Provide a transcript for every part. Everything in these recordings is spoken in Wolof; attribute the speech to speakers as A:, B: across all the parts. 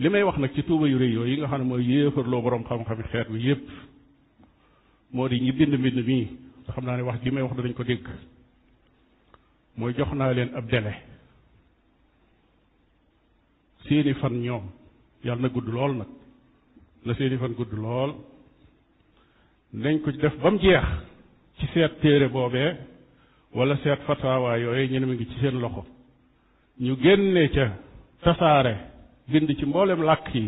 A: li may wax nag ci tuuba yu rëy yooyu yi nga xam ne mooy yéefarloo boroom xam-xami xeet bi yépp moo di ñi bind mbind mii nga xam naa ne wax ji may wax dañ ko dégg mooy jox naa leen ab délai seeni fan ñoom yàlla na gudd lool nag na seeni fan gudd lool nañ ko def ba mu jeex ci seet téere boobee wala seet fatawaa yooyu ñu ne ngi ci seen loxo ñu génne ca tasaare bind ci mboolem làkk yi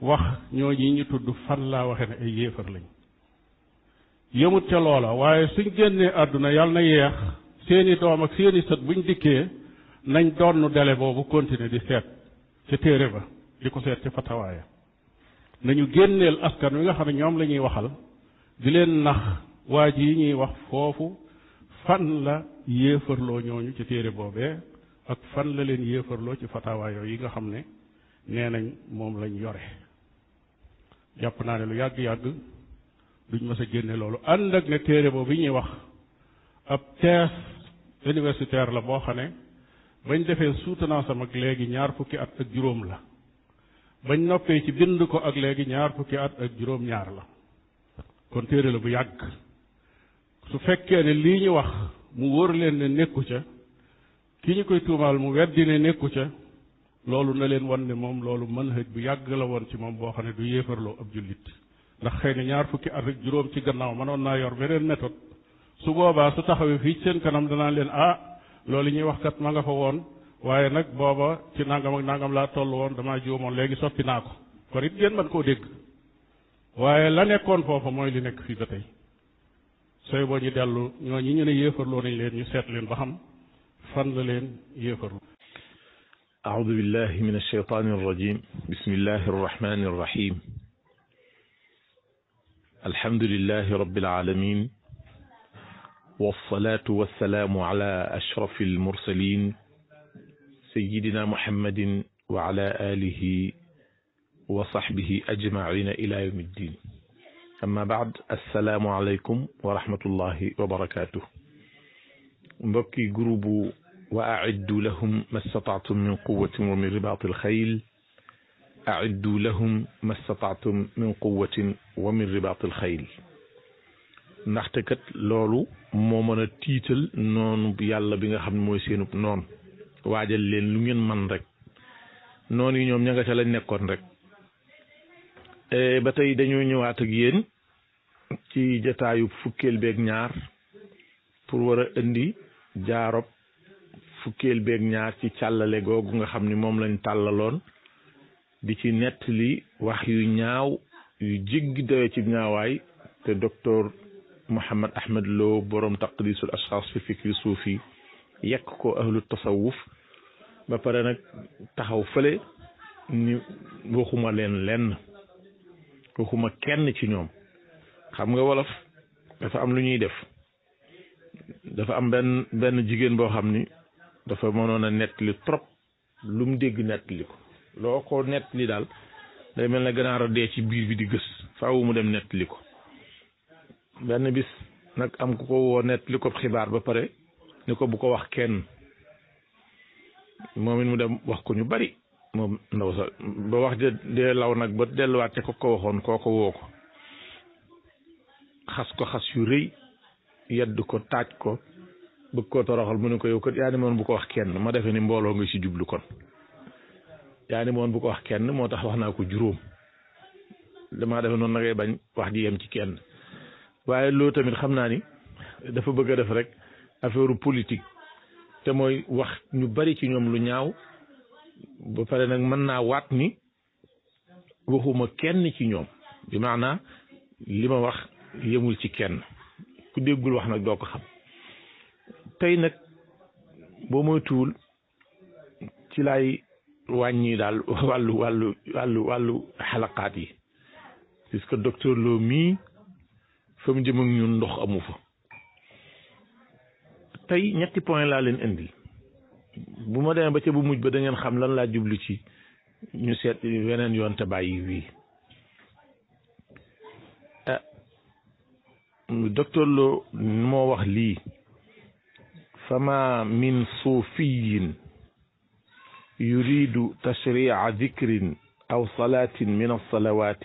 A: wax ñooñu ñi ñu tudd fan laa waxe ne ay yéefar lañ yëmut ca loola waaye suñ génnee àdduna yàlla na yeex seeni doom ak seeni sët buñ dikkee nañ doon nu dele boobu continuer di seet ca téere ba di ko seet ci fatawaaya nañu génneel askan wi nga xam ne ñoom lañuy waxal di leen nax waa yi ñuy wax foofu fan la yéefarloo ñooñu ci téere boobee ak fan la leen yéefarloo ci fatawa yooyu yi nga xam ne nee nañ moom lañu yore jàpp naa ne lu yàgg-yàgg duñ mës a génne loolu ànd ak ne téere boobu ñuy wax ab thèse universitaire la boo xam ne bañ defee soutenance ak léegi ñaar fukki at ak juróom la bañ noppee ci bind ko ak léegi ñaar fukki at ak juróom ñaar la kon téere la bu yàgg su fekkee ne lii ñu wax mu wóor leen ne nekku ca kii ñu koy tuumaal mu weddi ne nekku ca loolu na leen wan ne moom loolu mën manhaj bu yàgg la woon ci moom boo xam ne du yéefarloo ab jullit ndax xëy na ñaar fukki at ak juróom ci gannaaw mënoon naa yor beneen méthode su boobaa su taxawee fii ci seen kanam danaa leen ah loolu ñuy wax kat ma nga fa woon waaye nag booba ci nangam ak laa toll woon damaa juumoon léegi soppi naa ko kon it ngeen mën koo dégg waaye la nekkoon foofa mooy li nekk fii ba tey boo ñu dellu ñoo ñu ne leen ñu seet leen ba xam فنلين يفر
B: أعوذ بالله من الشيطان الرجيم بسم الله الرحمن الرحيم الحمد لله رب العالمين والصلاة والسلام على أشرف المرسلين سيدنا محمد وعلى آله وصحبه أجمعين إلى يوم الدين أما بعد السلام عليكم ورحمة الله وبركاته نبكي groupe وأعدوا لهم ما استطعتم من قوة ومن رباط الخيل أعدوا لهم ما استطعتم من قوة ومن رباط الخيل نحتكت لولو مومن تيتل نون بيالا بيغا خا موي سينو نون واجال لين لو نين مان رك نون ني نيوم نياغا تا لا نيكون رك ا باتاي دانيو نيوات اك يين تي جتايو فوكيل بيك نيار pour wara indi jaarop fukkeel beeg ñaar ci càllale googu nga xam ni moom lañu tàllaloon di ci nettali wax yu ñaaw yu jéggi dayo ci ñaawaay te docteur Mouhammad Ahmad Lo borom taqdisul ashxaas fi fikri suufi yekk ko ahlu tasawuf ba pare nag taxaw fële ni waxuma leen lenn waxuma kenn ci ñoom xam nga wolof dafa am lu ñuy def dafa am benn benn jigéen boo xam ni dafa mënoon a nettali trop lu mu dégg nettali ko loo ko nettali daal day mel na ganaar a dee ci biir bi di gës faaw mu dem nettali ko benn bis nag am ku ko woo nettali ko xibaar ba pare ni ko bu ko wax kenn moom it mu dem wax ko ñu bari moom ndaw sa ba wax de dee law nag ba delluwaat ca ko ko waxoon koo ko woo ko xas ko xas yu rëy yedd ko taaj ko bëgg koo toroxal mu ne ko yow kat yaa ni moon bu ko wax kenn ma defe ni mbooloo nga ci jublu kon yaa ni moon bu ko wax kenn moo tax wax naa ko juróom damaa defe noonu na bañ wax ji yem ci kenn waaye loolu tamit xam naa ni dafa bëgg a def rek affaire politique te mooy wax ñu bari ci ñoom lu ñaaw bu pare nag mën naa waat ni waxuma kenn ci ñoom bi maanaa li ma wax yemul ci kenn ku déggul wax nag doo ko xam tey nag boo moytuwul ci laay wàññi daal wàllu wàllu wàllu wàllu xalaqaat yi puisque docteur Lo mii fa mu ñun ndox amu fa tey ñetti point laa leen indi bu ma demee ba ca bu mujj ba da xam lan laa jublu ci ñu seet weneen yoon te bàyyi wii eh, docteur Lo moo wax lii فما من صوفي يريد تشريع ذكر أو صلاة من الصلوات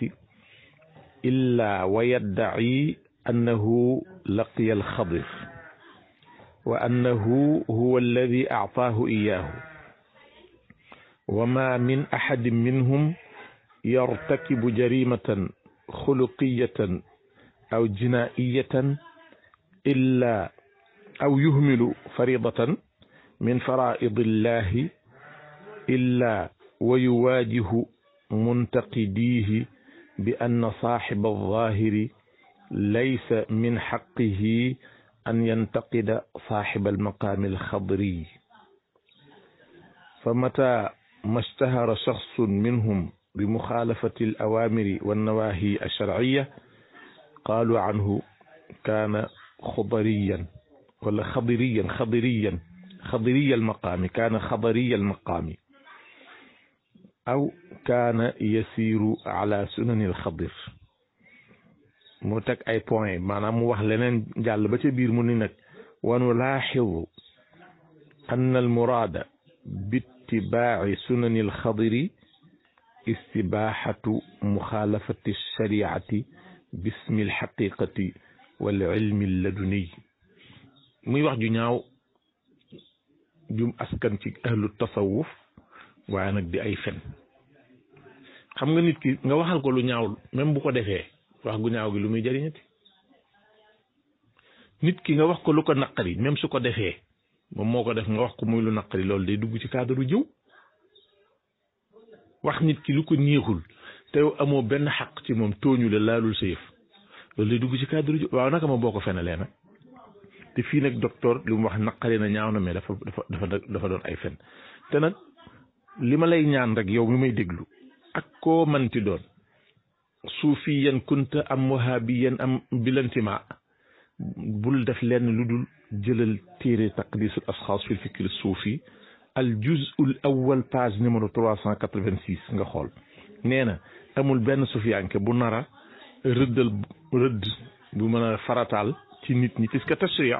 B: إلا ويدعي أنه لقي الخضر وأنه هو الذي أعطاه إياه وما من أحد منهم يرتكب جريمة خلقية أو جنائية إلا أو يهمل فريضة من فرائض الله إلا ويواجه منتقديه بأن صاحب الظاهر ليس من حقه أن ينتقد صاحب المقام الخضري فمتى ما اشتهر شخص منهم بمخالفة الأوامر والنواهي الشرعية قالوا عنه كان خضريا ولا خضريا خضريا خضري المقام كان خضري المقام أو كان يسير على سنن الخضر موتك أي بوين معناه موح لنن جعل بچه بير منينك ونلاحظ أن المراد باتباع سنن الخضر استباحة مخالفة الشريعة باسم الحقيقة والعلم اللدني muy wax ju ñaaw jum askan ci ahlu tasawuf waaye nag bi ay fen xam nga nit ki nga waxal ko lu ñaaw même bu ko defee wax gu ñaaw gi lu muy jëriñati nit ki nga wax ko lu ko naqari même su ko defee moom moo ko def nga wax ko muy lu naqari loolu day dugg ci cadre jëw wax nit ki lu ko neexul te yow benn xaq ci moom tooñu la laalul sa yëf loolu day dugg ci cadre jëw waaw naka ma boo ko fenalee nag te fi nak docteur lim wax naqari na ñaawna na mais dafa dafa dafa doon ay fen te nak lima lay ñaan rek yow mi may déglu ak ko man ti doon sufiyan kunt am wahabiyan am bilantima bul def len ludul dul jëlal téere taqdisul ashas fil fikr sufi al juz al awwal page numéro 386 nga xol neena na amul benn suufiyanke bu nara rëddal rëdd bu meuna faratal ci nit ñi puisque tashri'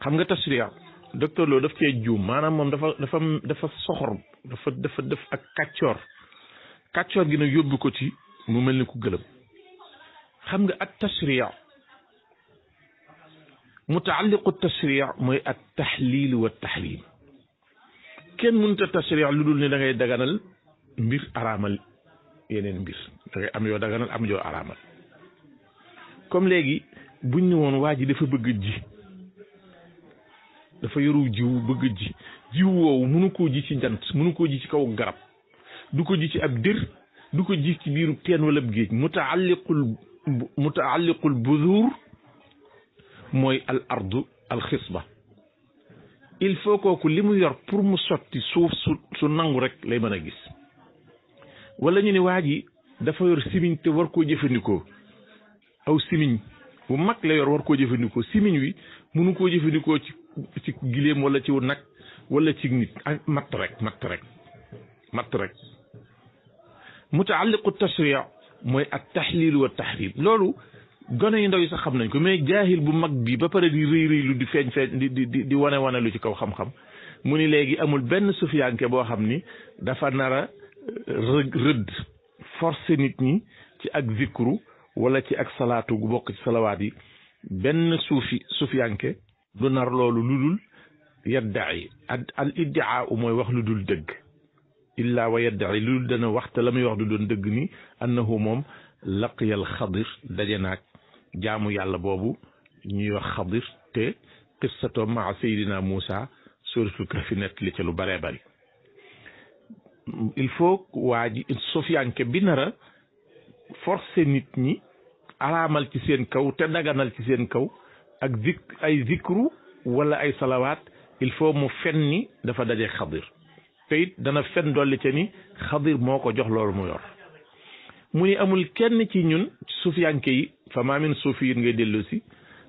B: xam nga tashri' docteur Lo daf cee juum manam mom dafa dafa dafa soxor dafa dafa def ak katchor katchor gi na yóbbu ko ci mu melni ku geuleum xam nga at tashri' متعلق التشريع موي التحليل والتحريم wa taxriim kenn mënut a داغي داغانال مير ارامال يينن مير داغي ام يو داغانال ام da ارامال كوم yoo buñ ne woon waa ji dafa bëgg ji dafa yoru jiw bëgg ji jiw woowu mënu koo ji ci jant mënu koo ji ci kaw garab du ko ji ci ab dir du ko ji ci biiru teen wala ab géej mutaalliqul mutaalliqul mooy al ardu il faut kooku li mu yor pour mu sotti suuf su su nangu rek lay mën a gis wala ñu ne waa ji dafa yor simiñ te war koo jëfandikoo aw simiñ bu mag la yor war koo jëfandikoo simin wi mënu koo jëfandikoo ci ci gileem wala ci nag wala ci nit mat rek mat rek mat rek mutaalliqu tashri' moy at tahlil wa tahrim loolu gone yi ndaw yi sax xam nañ ko mais jahil bu mag bi ba pare di rëy rëy lu di feeñ feeñ di di di wane wane lu ci kaw xam-xam mu ni léegi amul benn sufiyanke boo xam ni dafa nar a rëdd forcé nit ñi ci ak zikru ولا تي اك صلاتو بوك صلواتي بن سوفي سفيانك دو نار لولو لودول يدعي الادعاء موي واخ لودول دغ الا ويدعي لودول دنا وقت لامي واخ لودول دغ ني انه موم لقي الخضر دجناك جامو يالا بوبو ني واخ خضر تي قصته مع سيدنا موسى سورة الكهف نت لي تي لو باري باري il faut waji sofiane ke binara aramal ci seen kaw te daganal ci seen kaw ak zik ay zikru wala ay salawat il faut mu fenni dafa daje khadir te dana fen doli ci ni khadir moko jox lolu mu yor mu amul kenn ci ñun sufyanke yi fa maa min sufiyin ngay delu ci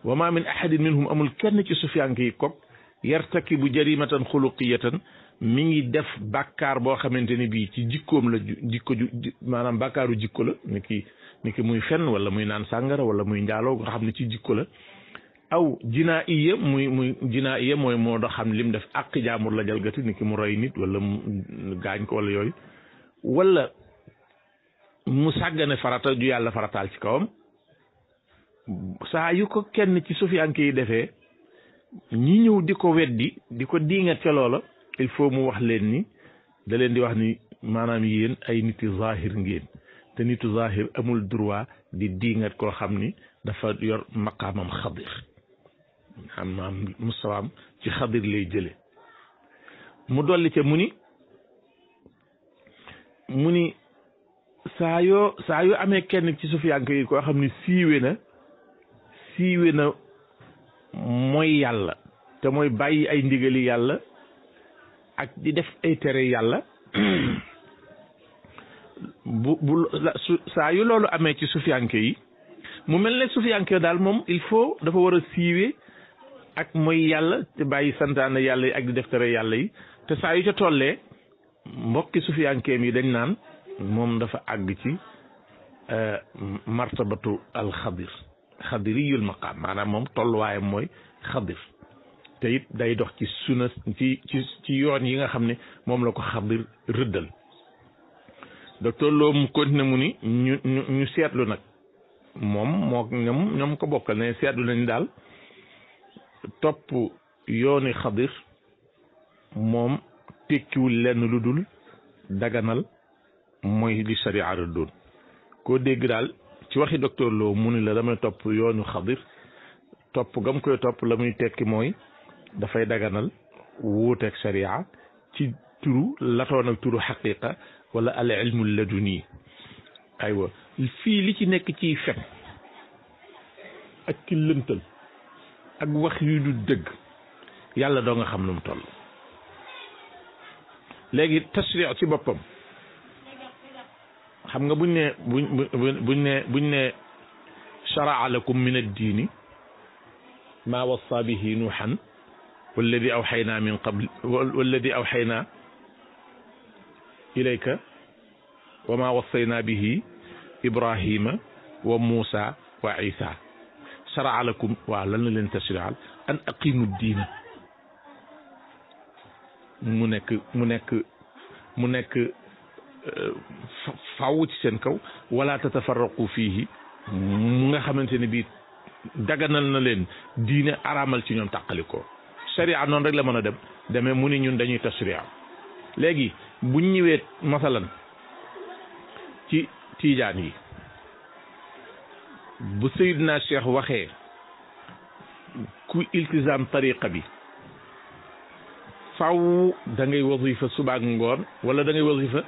B: wa min ahad minhum amul kenn ci sufyanke yi kok yartakibu jarimatan khuluqiyatan mi ngi def bakar bo xamanteni bi ci jikkoom la jikko manam bakaru jikko la ni ki ni ki muy fenn wala muy naan sàngara wala muy njaaloo nga xam ne ci jikko la aw jinaa iya muy muy jinaa iya mooy moo dox xam lim def àq jaamur la jalgati ni ki mu rey nit wala mu gaañ ko wala yooyu wala mu sàggane farata ju yàlla farataal ci kawam saa yu ko kenn ci sufiyanke yi defee ñi ñëw di ko weddi di ko diingat ca loola il faut mu wax leen ni da leen di wax ni maanaam yéen ay niti zahir ngeen te nitu amul droit di diingat koo xam ni dafa yor maqaamam xadir mustawaam ci xadir lay jële mu dolli ca mu ni mu ni saa yoo saa yoo amee kenn ci sufiyanke yi koo xam ni siiwe na siiwe na mooy yàlla te mooy bàyyi ay ndigali yàlla ak di def ay tere yàlla bu bu saa yu loolu amee ci sufiyanke yi mu mel ne sufiyanke daal moom il faut dafa war a siiwee ak mooy yàlla te bàyyi santaane yàlla yi ak di def tere yàlla yi te saa yu ca tollee mbokki sufiyankeem yi dañ naan moom dafa àgg ci euh, martabatu alxadir xadiriyul maqaam maanaam moom tolluwaayam mooy xadir te it day dox ci suna ci ci ci yoon yi nga xam ni moom la ko xadir rëddal docteur Lo mu continué mu ni ñu ñu ñu seetlu nag moom moo ñoom ko bokkal ne seetlu nañ daal topp yooni xadir moom tekkiwul lenn lu dul daganal mooy li sharia doon koo dégg daal ci waxi docteur Lo mu ni la damay topp yoonu xadir topp gam koy topp la muy tekki mooy dafay daganal wuuteeg sharia ci turu latoon ak turu haqiqa wala al ilmu laduni aywa fi li ci nek ci fet ak ci lëntal ak wax yu du deug yàlla do nga xam nu mu toll legi tashri' ci bopam xam nga buñ ne buñ ne buñ ne sharaa lakum min ad-din ma wassa bihi nuhan والذي أوحينا من قبل والذي أوحينا ilayka wa ma wassayna bihi ibrahima wa muusa wa isa sharaa waa lan la leen tashrial an aqimu diina mu nekk mu nekk mu nekk euh, faaw ci seen kaw wala tatafarraqu fiihi mu nga xamante ne bii daganal na leen diine araamal ci ñoom tàqalikoo sharia noonu rek la mën a dem demee mu ni ñun dañuy tashria léegi buñ ñëwee masalan ci tiijaan yi bu Seydina Cheikh waxee ku iltisam tariqa bi faw da ngay wasifa suba ak ngoon wala da ngay wasifa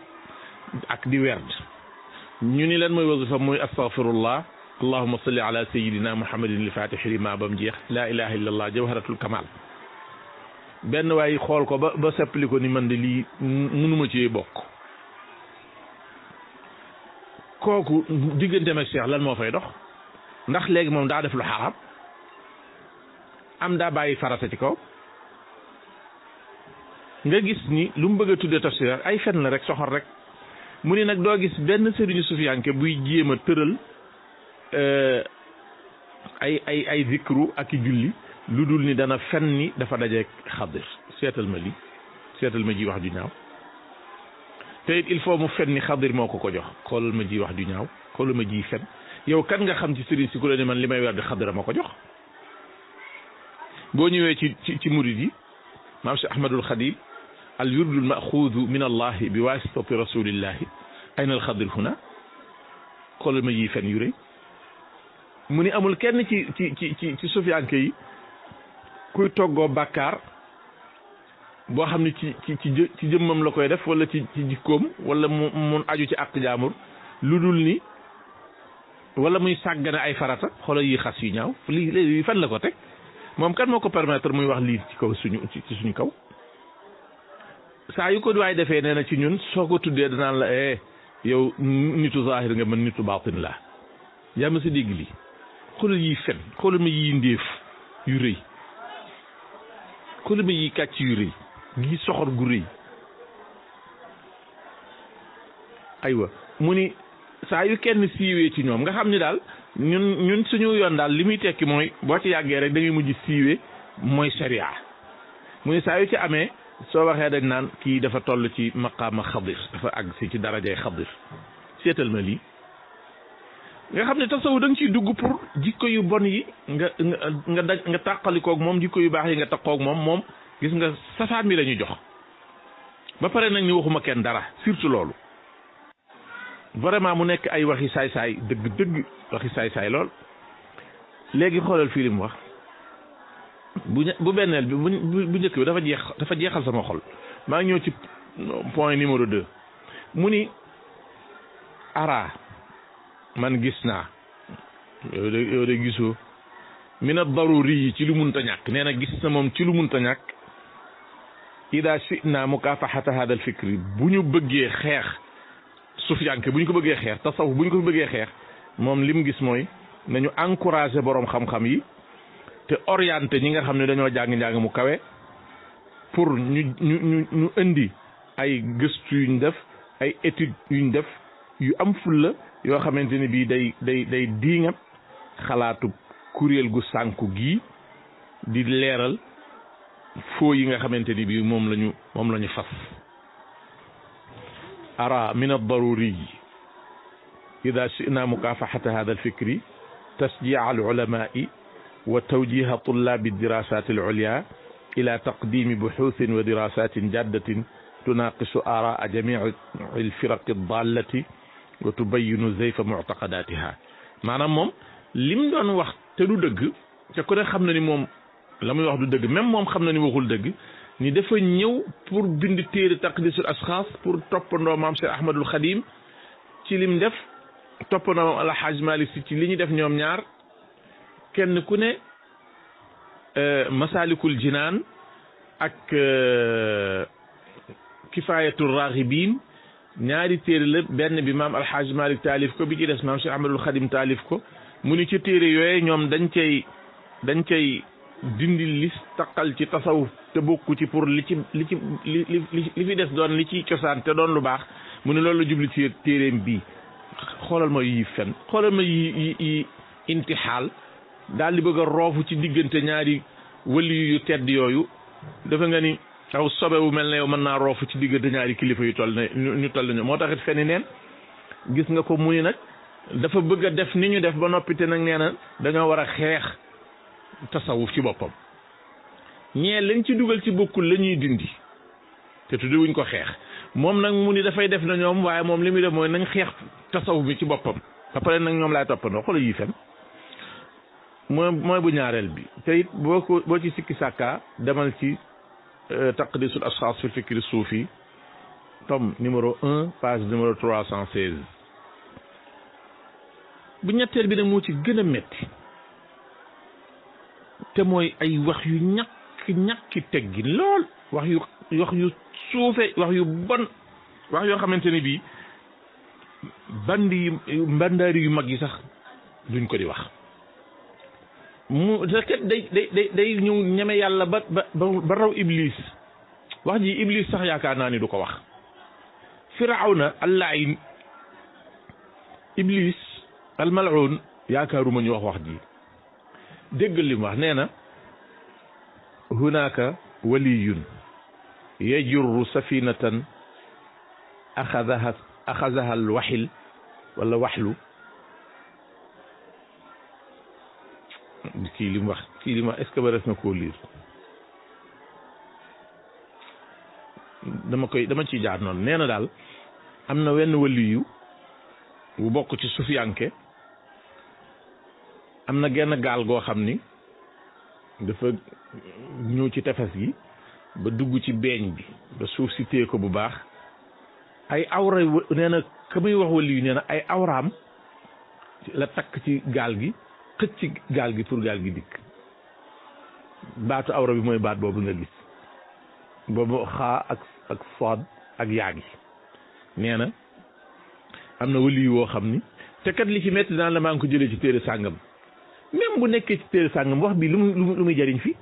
B: ak di werd ñu ni lan mooy wasifa mooy astaghfirullah allahuma salli ala sayidina muhammadin li fatixi li ma bam jeex la ilaha illa allah jawharatul kamal benn waay xool ko ba ba seppali ko ni man de lii mënuma ci bokk kooku digganteem ak Cheikh lan moo fay dox ndax léegi moom daa def lu xaram am daa bàyyi farata ci kaw nga gis ni lu mu bëgg a tuddee tafsir ay fen la rek soxor rek mu ni nag doo gis benn sëriñu sufiyanke buy jéem a tëral euh, ay ay ay zikru ak i julli ludul ni dana fenni dafa dajé khadir sétal ma li sétal ma ji wax du ñaaw te il faut mu fenni khadir moko ko jox xoolal ma ji wax du ñaaw xoolal ma ji fen yow kan nga xam ci sëriñ ci ku la ne man limay may werd xadira ma jox bo ñewé ci ci mourid yi maam si ahmadul xadim al yurd al maxuudu min allah bi waasitati rasulillah ayna al khadir huna xoolal ma ji fen yure muni amul kenn ci ci ci ci sufiyanke kay kuy toggoo bàkkaar boo xam ne ci ci ci jëmmam la koy def wala ci ci jikkoom wala mu mun aju ci àq jaamur lu dul ni wala muy sàggane ay farata xoolal yi xas yu ñaaw lii lii fan la ko teg moom kan moo ko permettre muy wax lii ci kaw suñu ci suñu kaw saa yu ko waay defee nee na ci ñun soo ko tuddee danaan la eh yow nitu zahir nga mën nitu baatin laa yaa si dégg lii xoolal yi fen xoolal ma ndéef yu rëy xuluma yi kàcc yu rëy gi soxor gu rëy aywa mu ni saa yu kenn siiwee ci ñoom nga xam ni daal ñun ñun suñu yoon daal li muy tekki mooy boo ci yàggee rek da ngay mujj siiwee mooy sharia mu ni saa yu ci amee soo waxee dañ naan kii dafa toll ci maqaama xadir dafa àgg si ci darajay xadir seetal ma lii nga xam ne tasawu da nga ciy dugg pour jikko yu bon yi nga nga daj nga tàqalikoog moom jikko yu baax yi nga taqoog moom moom gis nga sasaan bi lañuy jox ba pare nag ni waxuma kenn dara surtout loolu vraiment mu nekk ay waxi saay-saay dëgg dëgg waxi saay-saay lool léegi xoolal fii li mu wax bu bu benneel bi bu njëkk bi dafa jeex dafa jeexal sama xol maa ngi ñëw ci point numéro deux mu ni ara man gis naa yow de yow de gisoo mina daruri yi ci lu munta ñàkk nee na gis na moom ci lu munta ñàkk ida naa mukafahata hada al fikri bu ñu bëggee xeex sufiyanke bu ñu ko bëggee xeex tasawuf bu ñu ko bëggee xeex moom li mu gis mooy nañu encouragé boroom xam-xam yi te orienté ñi nga xam ne dañoo jàng-njàng mu kawe pour ñu ñu ñu ñu indi ay gëstu yuñ def ay étude yuñ def yu am fulla yo xamanteni bi day day day diiŋab xalaatu kuréel gu sànku gi di leral fo yi nga xamanteni bi mom lañu mom lañu fas ara min ad-daruri ida shi'na mukafahata hada al-fikri تشجيع العلماء وتوجيه طلاب الدراسات العليا إلى تقديم بحوث ودراسات جادة تناقش آراء جميع الفرق الضالة وتبين زيف معتقداتها مانام موم لم دون واخ تدو دغ تا كودا خامنا ني موم لامي واخ دو دغ ميم موم خامنا ني واخول دغ ني دافا نييو بور بيند تيري تقديس الاشخاص بور توبندو مام سي احمد الخليم تي لم ديف توبندو مام الحاج مالك سي تي لي ني ديف نيوم نيار كين كو ني مسالك الجنان اك كفايه الراغبين ñaari téere la benn bi maam alxaaj malik taalif ko bi ci des maam si Ahmadul Xadim taalif ko mu ni ci téere yooye ñoom dañ cay dañ cay dindi lis taqal ci tasaw te bokku ci pour li ci li ci li li fi des doon li ci cosaan te doon lu baax mu ne loolu la jublu ci téereem bii xoolal ma yi fen xoolal ma yi yi intixaal daal di bëgg a roofu ci diggante ñaari wëli yu tedd yooyu dafa nga ni aw sobe wu mel ne yow mën naa roofu ci digg diggante ñaari kilifa yu toll ne ñu toll ñu moo taxit feni neen gis nga ko mu ni nag dafa bëgg a def ni ñu def ba noppite nag nee na dañoo war a xeex tasawuf ci boppam ñee lañ ci dugal ci bokkul la ñuy dindi te tuddi wuñ ko xeex moom nag mu ni dafay def na ñoom waaye moom li muy def mooy nañ xeex tasawuf bi ci boppam ba pare nag ñoom laay toppandoo xoolal yi fen mooy mooy bu ñaareel bi te it boo ko boo ci demal ci Euh, taqdisul asxaas fi fikri suufi tome numéro un page numéro trois cent seize bu ñetteel bi nag moo ci gën a metti te mooy ay wax yu ñàkk ñàkki teggi lool wax yu wax yu suufe wax yu bon wax yoo xamante ne bii bandi yi mbandaari yu mag yi sax duñ ko di wax mu zakat day day day day ñëw ñeme yàlla ba ba ba raw iblis wax ji iblis sax yaakaar naa ni du ko wax firawna allayin iblis almalun yaakaaruma ñu wax wax ji déggal li mu wax nee na hunaka waliyun yajurru safinatan axadaha axadaha alwaxil wala waxlu kii li mu wax kii li mu wax est na koo liir dama koy dama ci jaar noonu nee na daal am na wenn waliyu bu bokk ci sufiyanke am na genn gaal goo xam ni dafa ñëw ci tefes gi ba dugg ci beeñ bi ba suuf si téye ko bu baax ay awra nee na ka muy wax waliyu nee na ay awraam la takk ci gaal gi xëcc gaal gi pour gaal gi dikk baatu awra bi mooy baat boobu nga gis boobu xaa ak ak sood ak yaa gi nee na am na wali woo xam ni te kat li ci métti daan la maa ngi ko jëlee ci téere sàngam même bu nekkee ci téere sàngam wax bi lu mu lu muy jariñ fi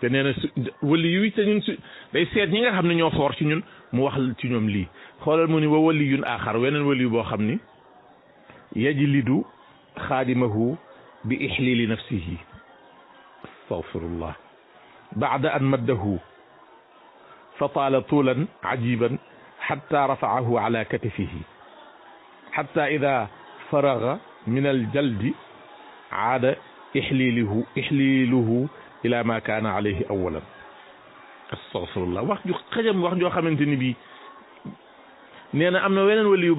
B: te nee na su wali yu te ñun su day seet ñi nga xam ne ñoo foor ci ñun mu wax ci ñoom lii xoolal mu ni wa wali yun aaxar weneen wali boo xam ni yajlidu خادمه بإحليل نفسه استغفر الله بعد أن مده فطال طولا عجيبا حتى رفعه على كتفه حتى إذا فرغ من الجلد عاد إحليله إحليله إلى ما كان عليه أولا استغفر الله wax ju xajam wax joo xamante ni bii nee na am na weneen waliyu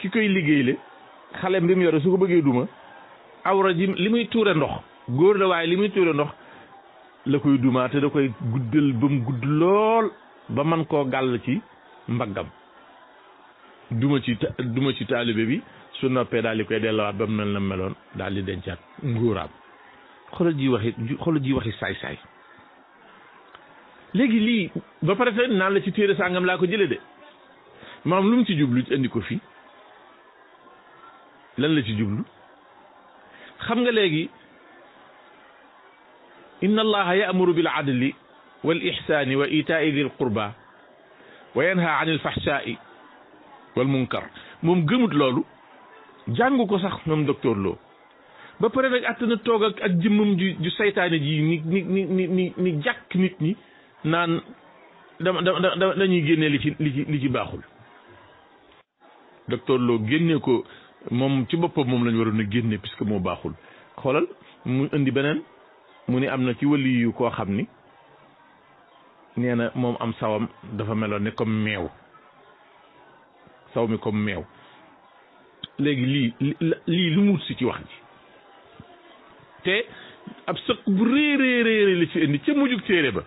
B: ki koy liggéeyle xalem bi mu yore su ko bëggee duma awra ji li muy tuure ndox góor la waaye li muy tuure ndox la koy dumaa te da koy guddal ba mu gudd lool ba man koo gàll ci mbaggam duma ci duma ci taalibe bi su noppee daal di koy delluwaat ba mu mel na meloon daal di dencaat ngóoraam xoolal ji waxi xoolal ji waxi saay-saay léegi lii ba pare naan la ci téere sàngam laa ko jële de maam lu mu ci jublu indi ko fii lan la ci jublu xam nga léegi inna allaha yaamuru bil adli wal ixsaani wa itaai dil qurba wa yanha anil fahsaai wal munkar moom gëmut loolu jàngu ko sax moom docteur Lo ba pare nag àtt na toog ak ak jëmmam ju ju saytaane ji ni ni ni ni ni ni jàkk nit ñi naan dama dama dañuy génnee li ci li ci li ci baaxul docteur Lo génne ko moom ci boppam moom lañu waroon a génne puisque moo baaxul xoolal mu indi beneen mu ni am na ci wëli koo xam ni nee na moom am sawam dafa meloon ne comme meew saw mi comme meew léegi lii lii lu mu wut si ci wax ji te ab sëq bu réeréeréeré la ci indi ci mujjug téere ba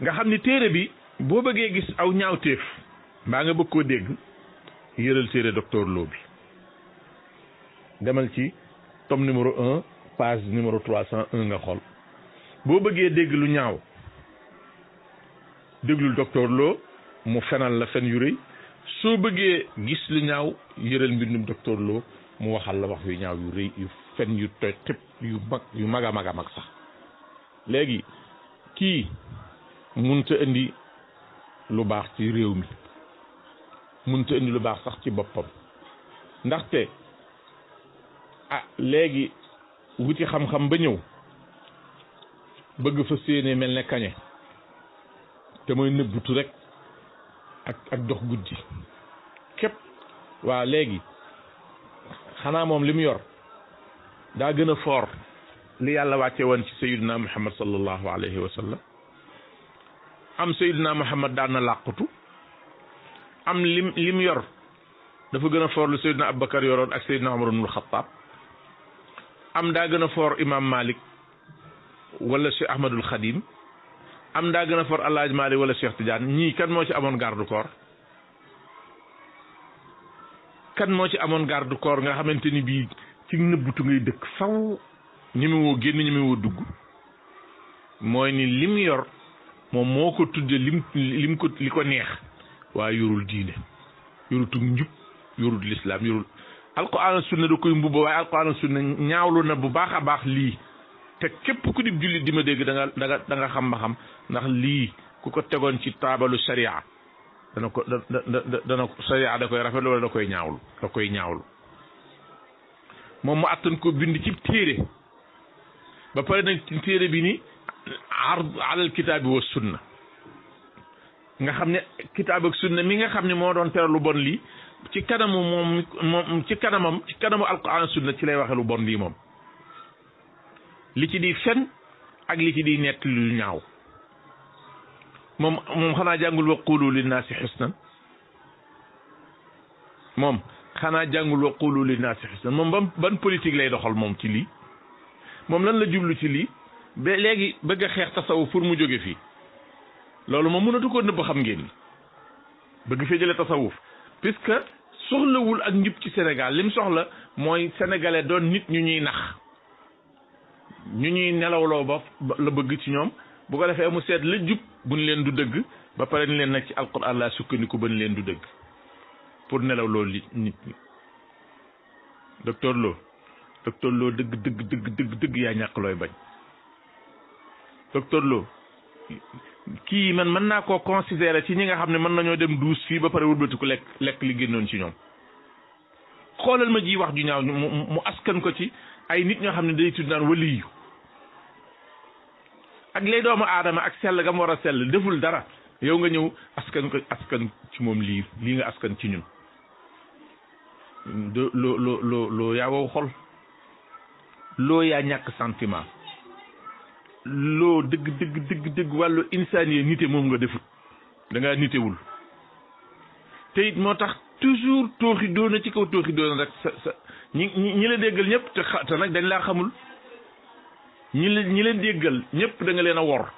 B: nga xam ni téere bi boo bëggee gis aw ñaawteef mbaa nga bëgg koo dégg yëral téere docteur Lo bi demal ci tome numéro un page numéro trois cent un nga xool boo bëggee dégg lu ñaaw déglul docteur Lo mu fenal la fen yu rëy soo bëggee gis lu ñaaw yëral mbindum docteur Lo mu waxal la wax yu ñaaw yu rëy yu fen yu toj xëpp yu mag yu mag a mag a mag sax léegi kii munta indi lu baax ci réew mi mun a indi lu baax sax ci boppam ndaxte ah léegi wuti xam-xam ba ñëw bëgg fa séenee mel ne kañe te mooy nëbbutu rek ak dox guddi képp waa léegi xanaa moom li mu yor daa gën a foor li yàlla wàcce woon ci sayyidina muhammad sallallahu alayhi wa sallam am sayyidina muhammad daan na làqutu am lim lim yor dafa gën a foor lu Seydina Aboubacar yoroon ak Seydina Omar ibnul Xattaab am daa gën a foor Imam Malik wala Cheikh Ahmadul Xadim am daa gën a foor Alaaji Malik wala Cheikh Tidiane ñii kan moo ci amoon garde corps kan moo ci amoon garde corps nga xamante ni bii ci nëbbutu ngay dëkk faw ñu mu woo génn ñu dugg mooy ni lim yor moom moo ko tudde lim lim ko li ko neex waaye yorul diine yorutuk njub yorul lislaam yorul alquran ak sunna da koy mbubba waaye alquran ak sunna ñaawlu na bu baax a baax lii te képp ku dib jullit di ma dégg da xam ma xam ndax lii ku ko tegoon ci taabalu sariya dana ko dana sariya da koy rafetlu wala da koy ñaawlu da koy ñaawlu moom mu attan ko bind ci téere ba pare nag téere bi ni ard alal kitaabi wa sunna nga xam ne kitaab ak mi nga xam ni moo doon tere lu bon lii ci kanamu moom moom ci kanamam ci kanamu alquran sunna ci lay waxe lu bon lii moom li ci di fen ak li ci di nett lu ñaaw moom moom xanaa jàngul wa qulu linnaasi xusnan moom xanaa jàngul wa ban ban politique lay doxal moom ci lii moom lan la jublu ci lii ba léegi bëgg a xeex tasawuf pour mu jóge fii loolu moom mënatu koo nëbb xam ngeen ni bëgg fee jëlee tasawuf puisque soxlawul ak njub ci Sénégal lim soxla mooy sénégalais doon nit ñu ñuy nax ñu ñuy nelawloo ba la bëgg ci ñoom bu ko defee mu seet la jub buñ leen du dëgg ba pare ni leen nag ci alquran laa sukkandiku ba ñu leen du dëgg pour nelaw loolu li nit ñi docteur Lo dëgg dëgg dëgg dëgg yaa ñàkk looy bañ docteur kii man mën naa koo considérer ci ñi nga xam ne mën nañoo dem duus fii ba pare wëlbatiku lekk lekk li génnoon ci ñoom xoolal ma ji wax ju ñaaw mu askan ko ci ay nit ñoo xam ne day tudd naan waliyu ak lay doomu aadama ak sell gam war a sell deful dara yow nga ñëw askan ko askan ci moom lii lii nga askan ci ñun loo loo loo loo yaa wow xol loo yaa ñàkk santiment loo dégg dégg dëgg dëgg wàllu insaaniye nite moom nga defut da ngaa nitewul te it moo tax toujours tooxi doona ci kaw tooxi doona rek sa sa ñi ñi la déggal ñëpp te xa te nag dañ laa xamul ñi ñi leen déggal ñëpp danga leen a wor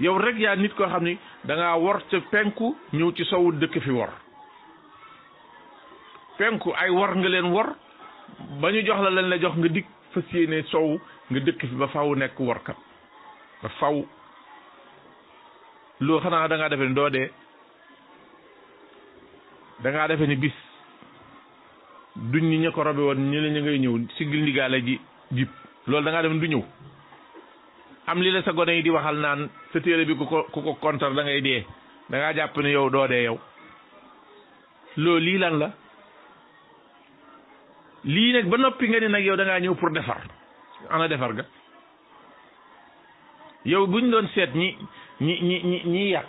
B: yow rek yaa nit koo xam ni danga ngaa wor ca penku ñëw ci sowu dëkk fi wor penku ay wor nga leen wor ba ñu jox la lañ la jox nga dikk fas yéene sow nga dëkk fi ba faaw nekk workat ba faw loo xanaa dangaa defe ni doo dee da defe ni bis duñ ñi ña ko robe woon ñi la ñu ngay ñëw siggil ndigaale ji jib loolu dangaa dem defe du ñëw am lii la sa gone yi di waxal naan sa téere bi ku ko ku ko kontar da ngay dee dangaa ngaa jàpp ne yow doo dee yow loolu lii lan la lii nag ba noppi nga ni nag yow dangaa ñëw pour defar ana defar ga yow bu buñ doon seet ñi ñi ñi ñi ñi yàq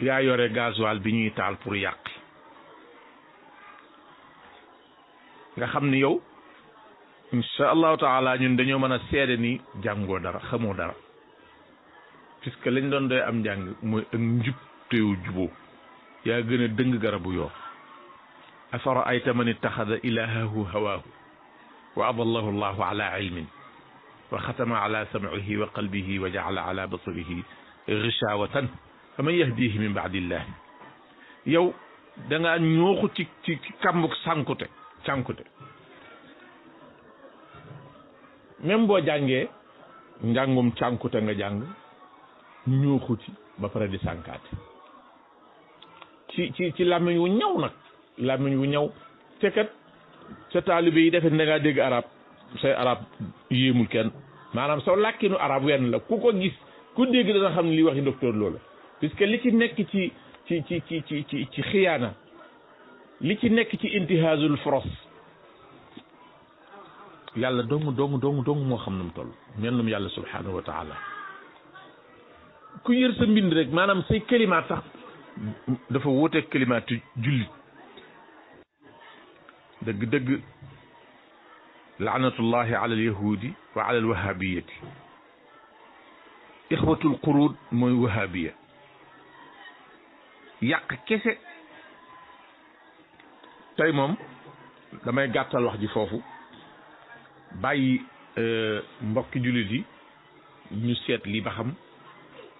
B: yaa yore gasoil bi ñuy taal pour yàq nga xam ni yow incha allahu taala ñun dañoo mën a seede ni jàngoo dara xamoo dara puisque lañ doon doy am njàng mooy ak njub juboo yaa gën dëng garabu yoo afara ay man ittaxada ilahahu hawaahu wa adallahu allahu ala ilmin wa xatama ala samcihi wa qalbihi wa jacala ala basarihi ghishawatan fa man yahdihi min baadillahi yow da ngaa ñooxu ci ci kàmbuk sànkute sànkute même boo jàngee njàngum cànkute nga jàng ñooxu ci ba pare di sànkaate ci ci ci làmmiñ wu ñaw nag làmmiñ wu ñaw te kat sa taalibe yi defe ne da ngaa dégg arab say arab yéemul kenn maanaam soo làkkinu arab wenn la ku ko gis ku dégg dana xam ne li waxi docteur loola puisque li ci nekk ci ci ci ci ci ci ci xiyaana li ci nekk ci intihazul fros yàlla dong dong dong dong moo xam nu mu toll mennum yàlla subhanahu wa taala ku yër mbind rek maanaam say kalimaat sax dafa wuuteeg kalimaatu jullit dëgg dëgg لعنة الله على اليهود وعلى الوهابية إخوة القرود من الوهابية يق كيس تايمم لما يقاتل الله جفوف باي مبقى جلدي نسيت لي بخم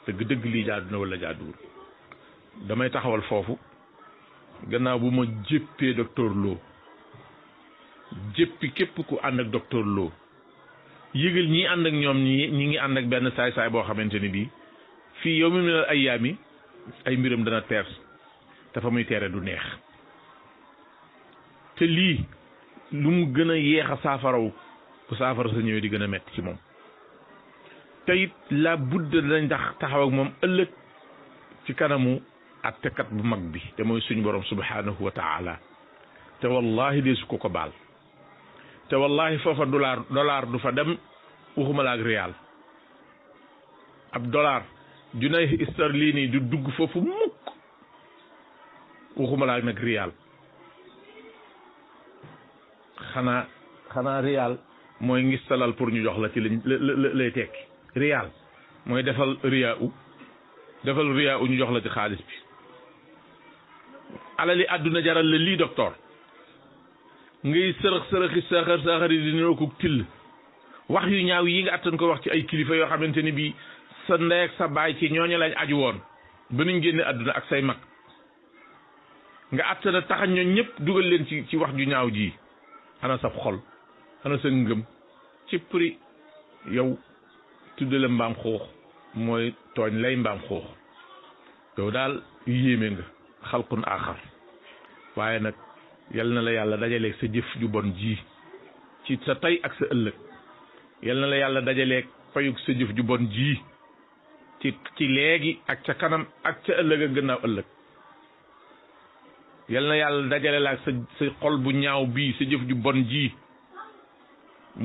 B: تقدق لي جادنا ولا جادور لما يتحول فوفو gannaaw bu ma jéppee docteur Lowe jéppi képp ku ànd ak docteur Lo yëgal ñi ànd ak ñoom ñi ñi ngi ànd ak benn saay-saay boo xamante ni bii fii yow mi ne ay yaami ay mbiram dana teer dafa muy teere du neex te lii lu mu gën a yeex a saafaraw bu saafara sa ñëwee di gën a metti ci moom te it la budda danañ tax taxaw ak moom ëllëg ci kanamu attekat bu mag bi te mooy suñu borom subhanahu wa taala te wallahi deesu ko ko baal te wallahi foofa dollar dollar du fa dem waxuma la ak ab dollar junay sterline yi du dugg foofu mukk waxuma la nag rial xanaa xanaa rial mooy ngis ngistalal pour ñu jox la ci lañ lay tekki rial mooy defal riyaa u defal riyaa u ñu jox la ci xaalis bi alali àdduna jaral la lii docteur ngay sërëx sërëxi saaxar saaxari di niroo ko till wax yu ñaaw yi nga attan ko wax ci ay kilifa yoo xamante ni bii sa ndey ak sa baay ci ñooñu lañ aju woon ba nuñ génne àdduna ak say mag nga àttana taxañ ñooñ ñëpp dugal leen ci ci wax ju ñaaw ji ana sa xol ana sa ngëm ci prix yow tuddale mbaam xuux mooy tooñ lay mbaam xuux yow daal yéeme nga xalqun aaxar waaye nag yal na la yàlla dajaleeg sa jëf ju bon ji ci sa tey ak sa ëllëg yal na la yàlla dajaleeg fayug sa jëf ju bon ji ci ci léegi ak ca kanam ak ca ëllëg ak gannaaw ëllëg yal na yàlla dajale la ak sa xol bu ñaaw bii sa jëf ju bon ji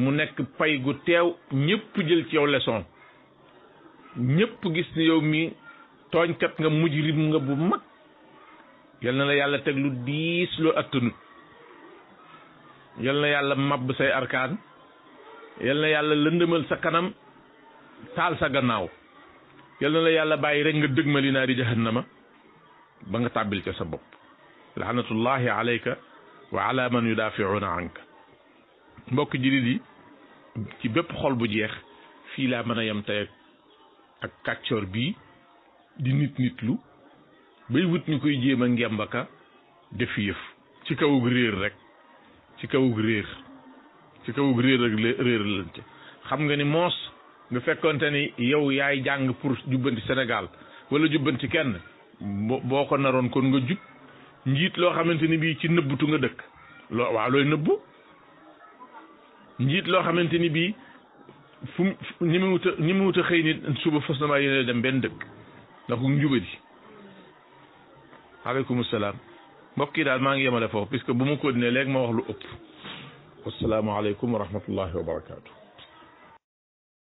B: mu nekk pay gu teew ñëpp jël ci yow leçon ñëpp gis ni yow mi tooñkat nga mujj nga bu mag yal na la yàlla teg lu diis lu attanut yal na yàlla màbb say arkaan yal na yàlla lëndëmal sa kanam taal sa gannaaw yal na la yàlla bàyyi rek nga dëgmali naari jahannama ba nga tàbbil ca sa bopp laxanatullahi alayka wa ala man yudaafiuna anka mbokk jullit yi ci bépp xol bu jeex fii laa mën a yem tey ak kàccoor bii di nit nit lu bay wut ñu koy jéem a ngembaka def yëf ci kawug réer rek ci kawug réer ci kawug réer ak réer xam nga ni moos nga fekkonte ni yow yaay jàng pour jubbanti senegal wala jubbanti kenn boo ko naroon kon nga jub njiit loo xamante ni bii ci nëbbutu nga dëkk loo waaw looy nëbbu njiit loo xamante ni bii fu ñi mu wut a mu wut xëy nit suba fas na maa yéene dem benn dëkk ndax njubadi aleykum salaam mbokk yi daal maa ngi yemale foofu puisque bu mu ko ne léegi ma wax lu ëpp wasalaamaaleykum wa rahmatullahi wa barakaatu.